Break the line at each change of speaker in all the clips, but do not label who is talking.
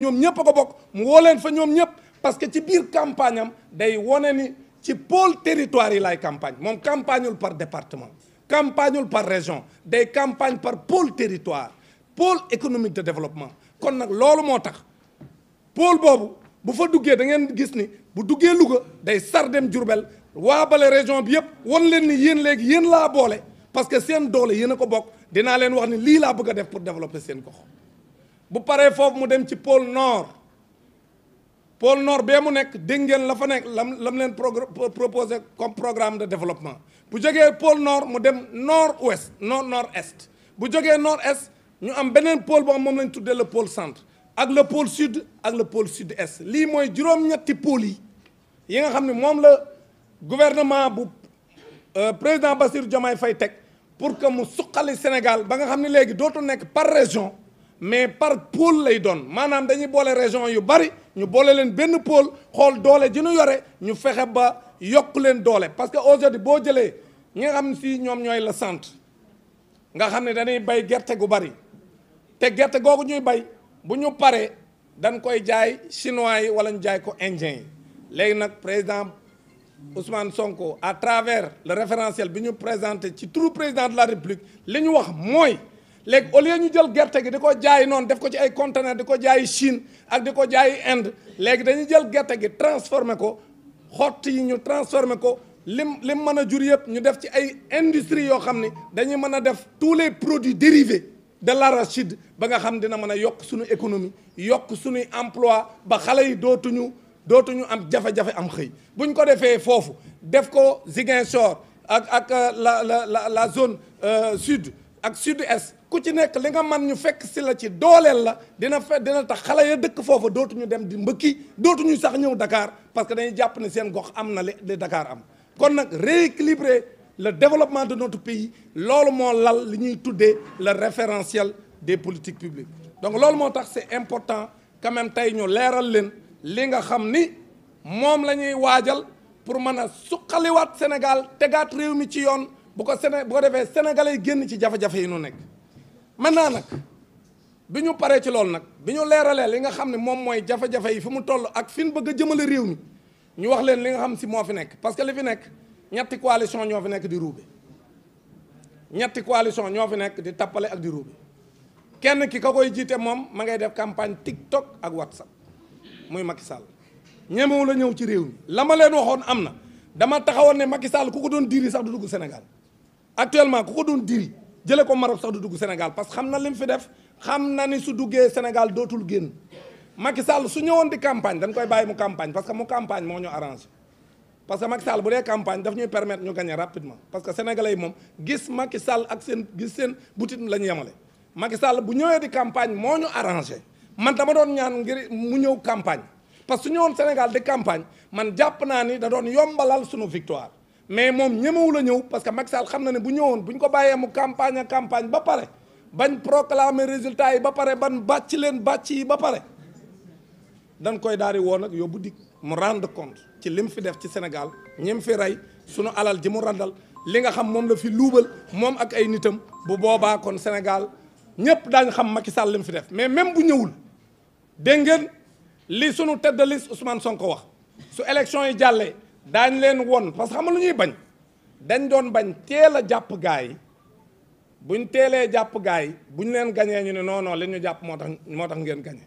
ñom ñëpp ko bok mu woo fa ñom ñëpp parce que ci biir campagne am day woné ni ci pôle territoire lay campagne mom campagneul par département campagneul par région des campagnes par pôle territoire pôle économique de développement kon nak lolu motax pôle bobu bu fa duggé da ngeen gis ni bu duggé Louga day sar dem wa balé région bi yépp won leen ni yeen léegi yeen la bolé parce que sen doole yeen ko bok dina leen wax ni li la bëgg def pour développer sen gox bu paré foofu mu dem ci pôle nord pôle nord bee mu nek dégg ngeen la fa nek lam lam leen proposé comme programme de développement bu jógee pôle nord mu dem nord ouest nord nord est bu jógee nord est ñu am benen pôle boo mom lañ tuddé le pôle centre ak le pôle sud ak le pôle sud est li moy juroom ñetti pôle yi yi nga xam mom la gouvernement bu euh, président Bassir Diomaye fay teg pour que mu suqali Sénégal ba nga xam légui dootu nek par région mais par pôle lay don manam dañuy bolé région yu bari ñu bolé len benn pôle xol doolé ji ñu yore ñu fexé ba parce que aujourd'hui le centre nga dañuy bay gu bari ñuy bay bu ñu paré dañ koy jaay chinois wala ñu jaay ko indien président Ousmane Sonko à travers le référentiel bi ñu présenté ci président de la République léegi au lieu ñu jël gerté gi diko jaay non def ko ci ay conteneur diko jaay Chine ak diko jaay Inde léegi dañu jël gerté gi transformé ko xott yi ñu transformé ko lim lim jur ñu def ci ay industrie def tous les produits dérivés de l'arachide ba nga xam dina mëna suñu économie yok suñu emploi ba xalé yi dootuñu dootuñu am am xey buñ ko def ko Ziguinchor ak ak euh, la la la la zone euh, sud ak sud est ku ci nekk li nga man ñu fekk si la ci dooleel la dina fe dina tax xale ya dëkk foofa dootuñu dem di mbëkki dootuñu sax ñëw Dakar parce que dañuy jàpp ne seen gox am na li Dakar am kon nag rééquilibrer le développement de notre pays loolu moo lal li ñuy tuddee le référentiel des politiques publiques donc loolu moo tax c'est important quand même tey ñu leeral leen li nga xam ni moom la ñuy waajal pour mën a suqaliwaat Sénégal tegaat réew mi ci yoon bu ko Séné bu ko defee yi génn ci jafe-jafe yi nu nekk naa nag bi ñu paree ci loolu nag bi ñu leeralee li nga xam ne moom mooy jafe-jafe yi fi mu toll ak fin bëgg a jëmale réew mi ñu wax leen li nga xam si moo fi nekk parce que li fi nekk ñetti coalition ñoo fi nekk di ruube ñetti coalition ñoo fi nekk di tappale ak di ruube kenn ki ka koy jiite moom ma ngay def campagne TikTok ak WhatsApp muy Macky Sall ñemewu la ñëw ci réew mi la ma leen waxoon am na dama taxawoon ne Macky Sall ku ko doon diri sax du dugg Sénégal actuellement ku ko doon diri jele ko Maroc sax du dugg Sénégal parce que xamna lim fi def xamna ni su duggee Sénégal dootul génn Macky Sall su ñëwoon di campagne dañ koy bàyyi mu campagne parce que mu campagne mo ñu arrangé parce que Macky Sall bu dee campagne daf ñuy permettre ñu gagner rapidement parce que sénégalais mom gis Macky Sall ak sen gis sen butit lañu yamalé yemale Macky Sall bu ñëwee di campagne mo ñu arrangé man dama doon ñaan ngir mu ñëw campagne parce que su ñëwoon Sénégal di campagne man japp naa ni da doon yombalal suñu victoire mais mom ñemewu la ñëw parce que Macky Sall xam na ne bu ñëwoon buñ ko bayé mu campagne campagne ba paré bañ proclamer résultat yi ba paré ban bàcc leen bàcc yi ba paré dañ koy daari woon woo nag yóbbu mu rendre compte ci lim fi def ci Sénégal ñim fi ray suñu alal ji mu randal li nga xam mom la fi loubal mom ak ay nitam bu boba kon Sénégal ñëpp dañ xam Macky Sall lim fi def mais même bu ñëwul de ngeen li suñu tête de liste Ousmane Sonko wax su élection yi jàllee. daañ leen won parce que xam lu ñuy bañ dañ doon bañ teel a jàpp gaay yi buñ teelee jàpp gaay yi buñ leen gañee ñu ne non non li ñu jàpp moo tax moo tax ngeen gañe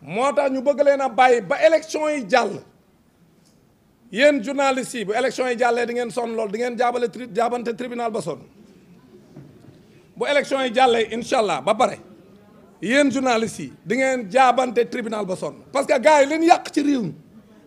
moo tax ñu bëgg leen a bàyyi ba élection yi jàll yéen journalistes yi bu yi jàllee di ngeen sonn lool di ngeen jaabale tri jaabante ba sonn bu élection yi jàllee incha allah ba pare yéen journalistes yi di ngeen jaabante tribunal ba sonn parce que gars yi leen yàq ci réew mi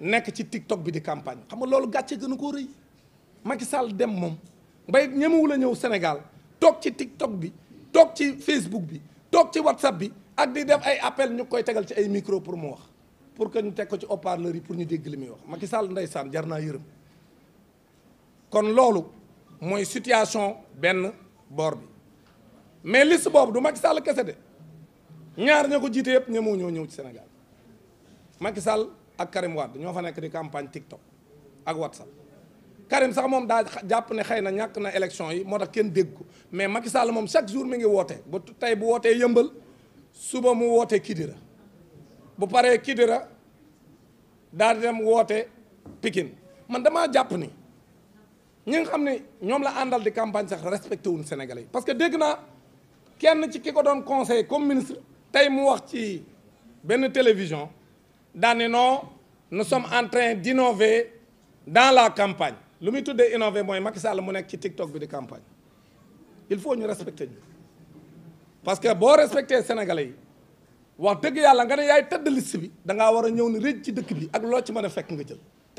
nek ci TikTok bi di campagne xam nga lolu gatché a reuy Macky Sall dem nous Sénégal ci TikTok bi Facebook bi tok WhatsApp bi ak di def ay appel ci ay micro pour mu wax pour que ñu tek ko ci pour ñu dégg li wax Macky Sall kon lolu moy situation ben bi mais liste boobu du Macky de ñaar ñako jité yépp yëpp ñoo ñëw ci Sénégal ak Karim Wade ñoo fa nekk di campagne TikTok ak WhatsApp Karim sax moom daa jàpp ne xëy na ñàkk na élection yi moo tax kenn dégg ko mais Macky Sall moom chaque jour mi ngi woote bu tey bu wootee yëmbal suba mu wootee Kidira bu paree Kidira daal di dem woote Pikine man damaa jàpp ni ñi nga xam ne ñoom la àndal di campagne sax respecté wuñ Sénégalais yi parce que dégg naa kenn ci ki ko doon conseil comme ministre tey mu wax ci benn télévision. le non nous sommes en train d'innover dans la campagne le de de innover mooy Macky Sall un TikTok de campagne il faut nous respecter parce que si respecter Sénégalais yi Sénégalais, dëgg nga ne yaay tëdd liste bi da ni ci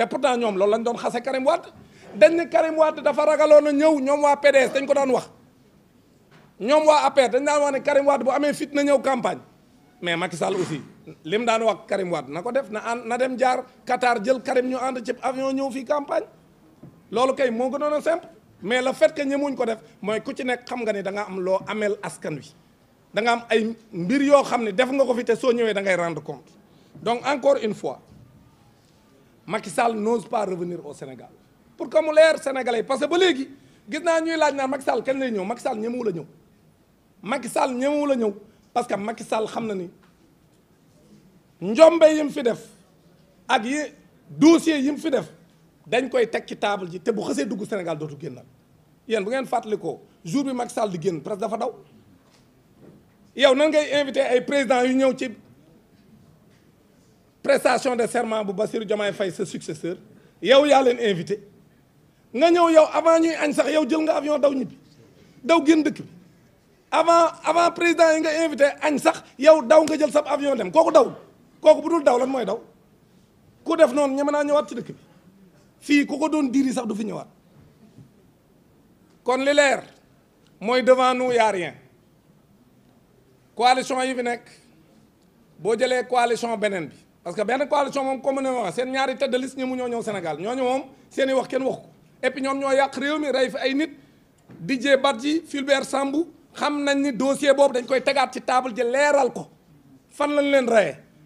pourtant lañ doon Karim dañ Karim de PDS dañ ko daan wax APR dañ daan campagne mais Macky aussi lim daan wax Karim Wade na def na na dem jaar Qatar jël Karim ñu and ci avion ñëw fi campagne lolu kay mo gënoon simple mais le fait que ñemuñ ko def moy ku ci nek xam nga ni da nga am lo amel askan wi da nga am ay mbir yo xamni def nga ko fi te so ñewé da ngay rendre compte donc encore une fois Macky Sall n'ose pas revenir au Sénégal pour comme l'air Sénégalais parce que ba légui gis na ñuy laaj na Macky Sall kañ lay ñew Macky Sall ñemewu la ñëw Macky Sall ñemewu la parce que Macky Sall xam na ni. njombe yim fi def ak yi dossier yim fi def dañ koy teg ci table ji te bu xësee dugg Sénégal dootu génnaat yéen bu ngeen fàttalikoo jour bi Macky Sall di génn presque dafa daw yow nan ngay invité ay président yu ñëw ci prestation de serment bu Bassirou Diomaye fay sa successeur yow yaa leen invité nga ñëw yow avant ñuy añ sax yow jël nga avion daw ñibbi daw génn dëkk bi avant avant président yi nga invité añ sax yow daw nga jël sab avion dem kooku daw kooku bu daw lan moy daw ku def non ñewat ci dëkk bi Si ko doon diri sax du fi ñewat kon li leer devant nous y a rien coalition yi fi nek bo la coalition benen bi parce que benn coalition mom comme wax de liste ñi mu Sénégal ñooñu mom seen wax kenn wax et puis ñom ñoo yaq réew mi nit Badji Sambou xam ni dossier Bob, dañ koy ci table ko fan lañ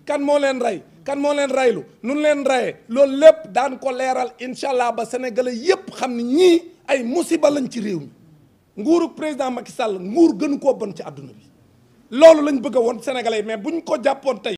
kan moo leen rey kan moo leen reylu nun leen reyee loolu lépp daan ko leeral incha allah ba sénégalais yépp xam ne ñii ay musiba lañ ci réew mi nguurug président Macky Sall nguur gënu koo bon ci àdduna bi loolu lañ bëgg a woon sénégalais mais bu ñu ko jàppoon tey